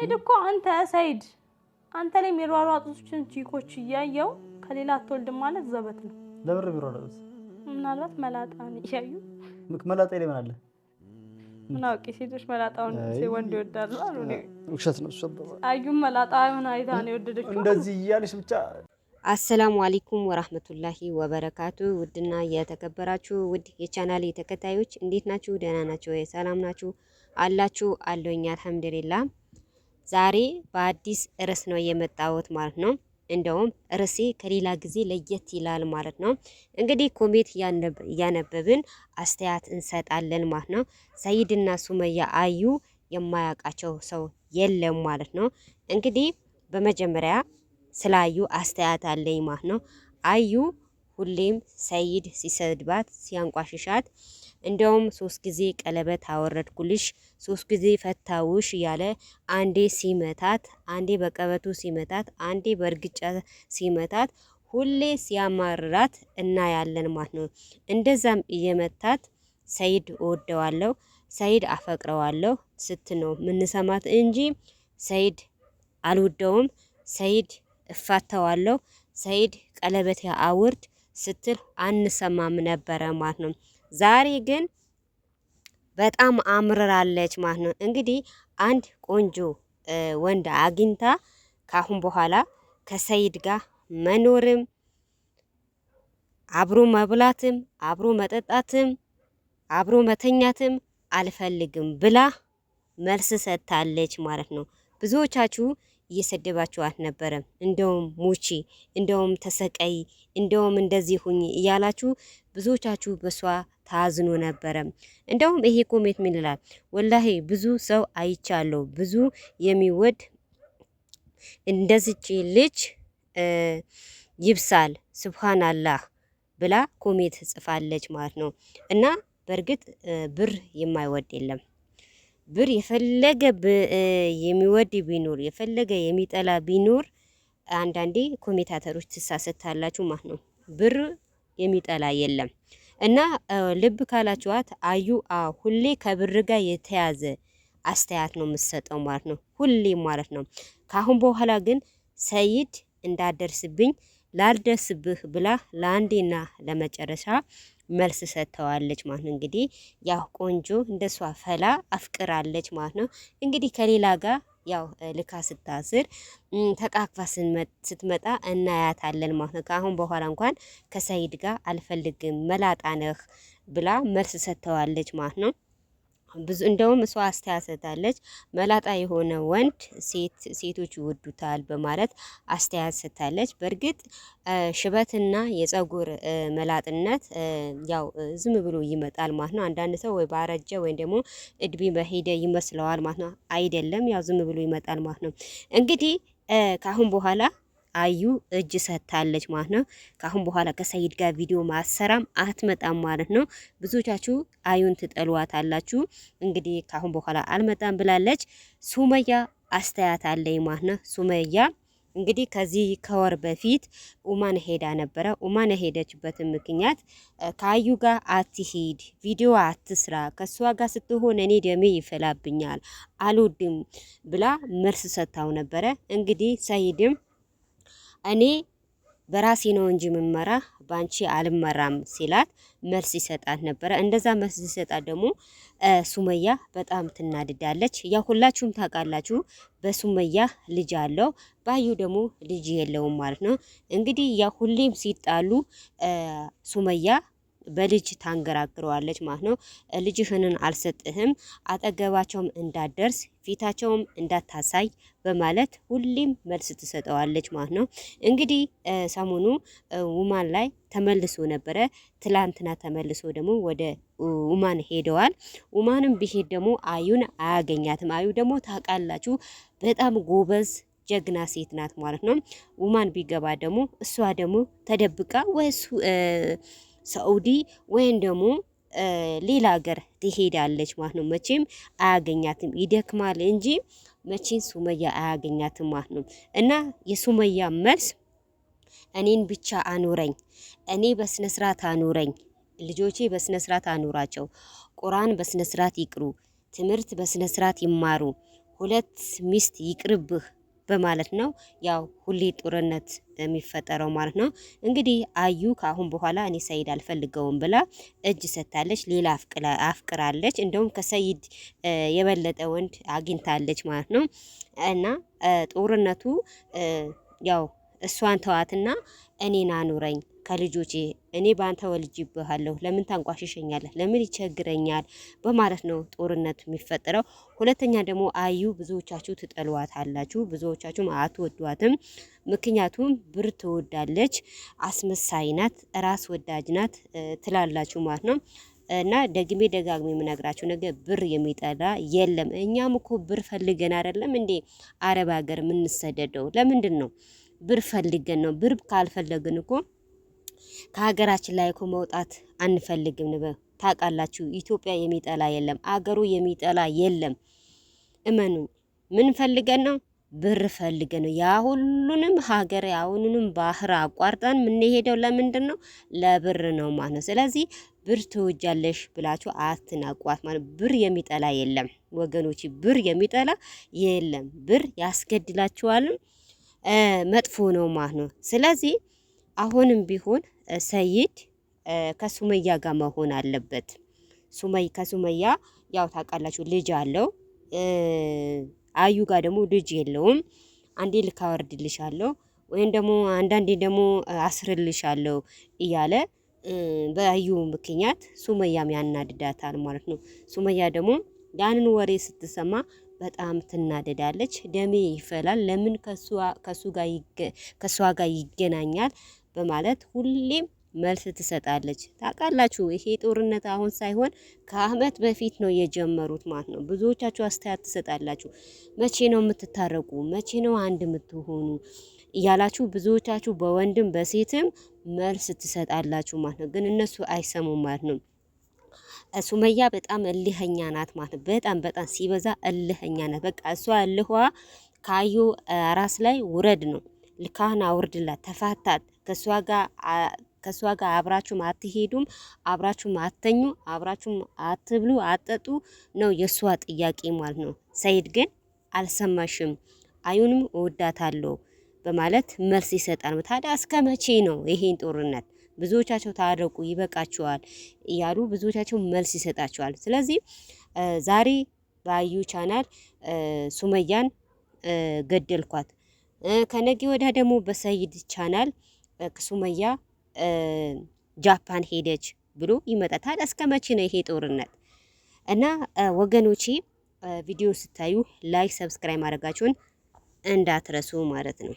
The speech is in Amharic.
ሰይድ እኮ አንተ ሰይድ አንተ ላይ የሚሯሯጡትን ቺኮች እያየው ከሌላ አትወልድም ማለት ዘበት ነው። ለምን የሚሯሯጡት? ምናልባት መላጣ ነው እያዩ መላጣ ላይ ምን አለ? ምን ሴቶች መላጣውን ወንድ ይወዳሉ አሉ። ውሸት ነው። አዩም መላጣ ሆነ አይታ ነው የወደደችው። እንደዚህ እያለች ብቻ አሰላሙ አለይኩም ወራህመቱላሂ ወበረካቱ። ውድና የተከበራችሁ ውድ የቻናል ተከታዮች እንዴት ናችሁ? ደህና ናቸው? ሰላም ናችሁ? አላችሁ አለኝ አልሐምዱሊላህ ዛሬ በአዲስ ርዕስ ነው የመጣሁት ማለት ነው። እንደውም ርዕሴ ከሌላ ጊዜ ለየት ይላል ማለት ነው። እንግዲህ ኮሜት እያነበብን አስተያየት እንሰጣለን ማለት ነው። ሰይድና ሱመያ አዩ የማያውቃቸው ሰው የለም ማለት ነው። እንግዲህ በመጀመሪያ ስላዩ አስተያት አስተያየት አለኝ ማለት ነው። አዩ ሁሌም ሰይድ ሲሰድባት ሲያንቋሽሻት እንደውም ሶስት ጊዜ ቀለበት አወረድኩልሽ፣ ሶስት ጊዜ ፈታውሽ እያለ አንዴ ሲመታት፣ አንዴ በቀበቱ ሲመታት፣ አንዴ በእርግጫ ሲመታት፣ ሁሌ ሲያማርራት እናያለን ማለት ነው። እንደዛም እየመታት ሰይድ እወደዋለሁ፣ ሰይድ አፈቅረዋለሁ ስት ነው ምንሰማት እንጂ ሰይድ አልወደውም፣ ሰይድ እፋተዋለሁ፣ ሰይድ ቀለበት አውርድ ስትል አንሰማም ነበረ ማለት ነው። ዛሬ ግን በጣም አምርራለች ማለት ነው። እንግዲህ አንድ ቆንጆ ወንድ አግኝታ ካሁን በኋላ ከሰይድ ጋር መኖርም አብሮ መብላትም አብሮ መጠጣትም አብሮ መተኛትም አልፈልግም ብላ መልስ ሰጥታለች ማለት ነው። ብዙዎቻችሁ እየሰደባችሁ አልነበረም? እንደውም ሙቺ፣ እንደውም ተሰቀይ፣ እንደውም እንደዚህ ሁኝ እያላችሁ ብዙዎቻችሁ በሷ ታዝኖ ነበረ። እንደውም ይሄ ኮሜት ምን ይላል? ወላሂ ብዙ ሰው አይቻለሁ። ብዙ የሚወድ እንደዚች ልጅ ይብሳል ስብሃናላህ ብላ ኮሜት ጽፋለች ማለት ነው። እና በእርግጥ ብር የማይወድ የለም። ብር የፈለገ የሚወድ ቢኖር የፈለገ የሚጠላ ቢኖር አንዳንዴ ኮሜታተሮች ትሳሰታላችሁ ማለት ነው። ብር የሚጠላ የለም። እና ልብ ካላችኋት አዩ ሁሌ ከብር ጋር የተያዘ አስተያየት ነው የምትሰጠው ማለት ነው። ሁሌ ማለት ነው። ካአሁን በኋላ ግን ሰይድ እንዳደርስብኝ ላልደርስብህ ብላ ለአንዴና ለመጨረሻ መልስ ሰጥተዋለች ማለት ነው። እንግዲህ ያው ቆንጆ እንደሷ ፈላ አፍቅራለች ማለት ነው። እንግዲህ ከሌላ ጋር ያው ልካ ስታስር ተቃቅፋ ስትመጣ እናያታለን ማለት ነው። ከአሁን በኋላ እንኳን ከሰይድ ጋር አልፈልግም መላጣ ነህ ብላ መልስ ሰጥተዋለች ማለት ነው። ብዙ እንደውም እሷ አስተያየት መላጣ የሆነ ወንድ ሴት ሴቶች ይወዱታል በማለት አስተያየት ሰጥታለች። በእርግጥ ሽበትና የጸጉር መላጥነት ያው ዝም ብሎ ይመጣል ማለት ነው። አንዳንድ ሰው ወይ ባረጀ ወይም ደግሞ እድሜ በሄደ ይመስለዋል ማለት ነው። አይደለም ያው ዝም ብሎ ይመጣል ማለት ነው። እንግዲህ ከአሁን በኋላ አዩ እጅ ሰጥታለች ማለት ነው። ከአሁን በኋላ ከሰይድ ጋር ቪዲዮ ማሰራም አትመጣም ማለት ነው። ብዙቻችሁ አዩን ትጠሏታላችሁ። እንግዲህ ከአሁን በኋላ አልመጣም ብላለች። ሱመያ አስተያየት አለኝ ማለት ነው። ሱመያ እንግዲህ ከዚህ ከወር በፊት ኡማን ሄዳ ነበረ። ኡማን የሄደችበትን ምክንያት ከአዩ ጋር አትሂድ፣ ቪዲዮ አትስራ፣ ከእሷ ጋር ስትሆን እኔ ደሜ ይፈላብኛል አልወድም ብላ መልስ ሰጥታው ነበረ። እንግዲህ ሰይድም እኔ በራሴ ነው እንጂ የምመራ በአንቺ አልመራም ሲላት መልስ ይሰጣት ነበረ። እንደዛ መልስ ሲሰጣት ደግሞ ሱመያ በጣም ትናድዳለች። ያ ሁላችሁም ታውቃላችሁ በሱመያ ልጅ አለው፣ ባዩ ደግሞ ልጅ የለውም ማለት ነው። እንግዲህ ያ ሁሌም ሲጣሉ ሱመያ በልጅ ታንገራግረዋለች ማለት ነው። ልጅህንን አልሰጥህም፣ አጠገባቸውም እንዳደርስ ፊታቸውም እንዳታሳይ በማለት ሁሌም መልስ ትሰጠዋለች ማለት ነው። እንግዲህ ሰሞኑ ውማን ላይ ተመልሶ ነበረ። ትላንትና ተመልሶ ደግሞ ወደ ውማን ሄደዋል። ውማንም ቢሄድ ደግሞ አዩን አያገኛትም። አዩ ደግሞ ታውቃላችሁ በጣም ጎበዝ ጀግና ሴት ናት ማለት ነው። ውማን ቢገባ ደግሞ እሷ ደግሞ ተደብቃ ወይ ሳኡዲ ወይም ደግሞ ሌላ ሀገር ትሄዳለች ማለት ነው። መቼም አያገኛትም፣ ይደክማል እንጂ መቼም ሱመያ አያገኛትም ማለት ነው። እና የሱመያ መልስ እኔን ብቻ አኑረኝ፣ እኔ በስነስርዓት አኑረኝ፣ ልጆቼ በስነስርዓት አኑራቸው፣ ቁርአን በስነስርዓት ይቅሩ፣ ትምህርት በስነስርዓት ይማሩ፣ ሁለት ሚስት ይቅርብህ በማለት ነው ያው ሁሌ ጦርነት የሚፈጠረው ማለት ነው። እንግዲህ አዩ ከአሁን በኋላ እኔ ሰይድ አልፈልገውም ብላ እጅ ሰጥታለች። ሌላ አፍቅራለች። እንደውም ከሰይድ የበለጠ ወንድ አግኝታለች ማለት ነው እና ጦርነቱ ያው እሷን ተዋትና እኔን አኑረኝ ከልጆቼ እኔ በአንተ ወልጅብሃለሁ፣ ለምን ታንቋሽሸኛለህ? ለምን ይቸግረኛል? በማለት ነው ጦርነት የሚፈጠረው። ሁለተኛ ደግሞ አዩ ብዙዎቻችሁ ትጠሏት አላችሁ፣ ብዙዎቻችሁም አትወዷትም። ምክንያቱም ብር ትወዳለች፣ አስመሳይ ናት፣ ራስ ወዳጅ ናት ትላላችሁ ማለት ነው። እና ደግሜ ደጋግሜ የምነግራቸው ነገር ብር የሚጠላ የለም። እኛም እኮ ብር ፈልገን አይደለም እንዴ አረብ ሀገር የምንሰደደው? ለምንድን ነው ብር ፈልገን ነው። ብር ካልፈለግን እኮ ከሀገራችን ላይ እኮ መውጣት አንፈልግም ነበ ታውቃላችሁ። ኢትዮጵያ የሚጠላ የለም፣ አገሩ የሚጠላ የለም። እመኑኝ። ምን ፈልገን ነው? ብር ፈልገን ነው። ያ ሁሉንም ሀገር ያሁኑንም ባህር አቋርጠን የምንሄደው ለምንድን ነው? ለብር ነው ማለት ነው። ስለዚህ ብር ትወጃለሽ ብላችሁ አትናቋት ማለት ብር የሚጠላ የለም ወገኖች፣ ብር የሚጠላ የለም። ብር ያስገድላችኋልም መጥፎ ነው ማለት ነው። ስለዚህ አሁንም ቢሆን ሰይድ ከሱመያ ጋር መሆን አለበት። ሱመይ ከሱመያ ያው ታውቃላችሁ ልጅ አለው። አዩ ጋር ደግሞ ልጅ የለውም። አንዴ አለው ወይም ደግሞ አንዳንዴ ደግሞ አለው እያለ በአዩ ምክንያት ሱመያም ያናድዳታል ማለት ነው። ሱመያ ደግሞ ያንን ወሬ ስትሰማ በጣም ትናደዳለች። ደሜ ይፈላል። ለምን ከሷ ጋር ይገናኛል? በማለት ሁሌም መልስ ትሰጣለች። ታውቃላችሁ ይሄ ጦርነት አሁን ሳይሆን ከአመት በፊት ነው የጀመሩት ማለት ነው። ብዙዎቻችሁ አስተያየት ትሰጣላችሁ። መቼ ነው የምትታረቁ? መቼ ነው አንድ የምትሆኑ እያላችሁ ብዙዎቻችሁ በወንድም በሴትም መልስ ትሰጣላችሁ ማለት ነው። ግን እነሱ አይሰሙም ማለት ነው። ሱመያ በጣም እልህኛ ናት ማለት ነው። በጣም በጣም ሲበዛ እልህኛ ናት። በቃ እሷ እልህዋ ካዩ ራስ ላይ ውረድ ነው ልካህን አውርድላት፣ ተፋታት። ከእሷ ጋር አብራችሁም አትሄዱም፣ አብራችሁም አተኙ፣ አብራችሁም አትብሉ፣ አጠጡ ነው የእሷ ጥያቄ ማለት ነው። ሰይድ ግን አልሰማሽም፣ አዩንም እወዳታለሁ በማለት መልስ ይሰጣል። ታዲያ እስከ መቼ ነው ይሄን ጦርነት? ብዙዎቻቸው ታረቁ፣ ይበቃቸዋል እያሉ ብዙዎቻቸው መልስ ይሰጣቸዋል። ስለዚህ ዛሬ በአዩ ቻናል ሱመያን ገደልኳት ከነገ ወዲያ ደግሞ በሰይድ ቻናል ሱመያ ጃፓን ሄደች ብሎ ይመጣታል። እስከ መቼ ነው ይሄ ጦርነት? እና ወገኖቼ ቪዲዮ ስታዩ ላይክ፣ ሰብስክራይብ ማድረጋችሁን እንዳትረሱ ማለት ነው።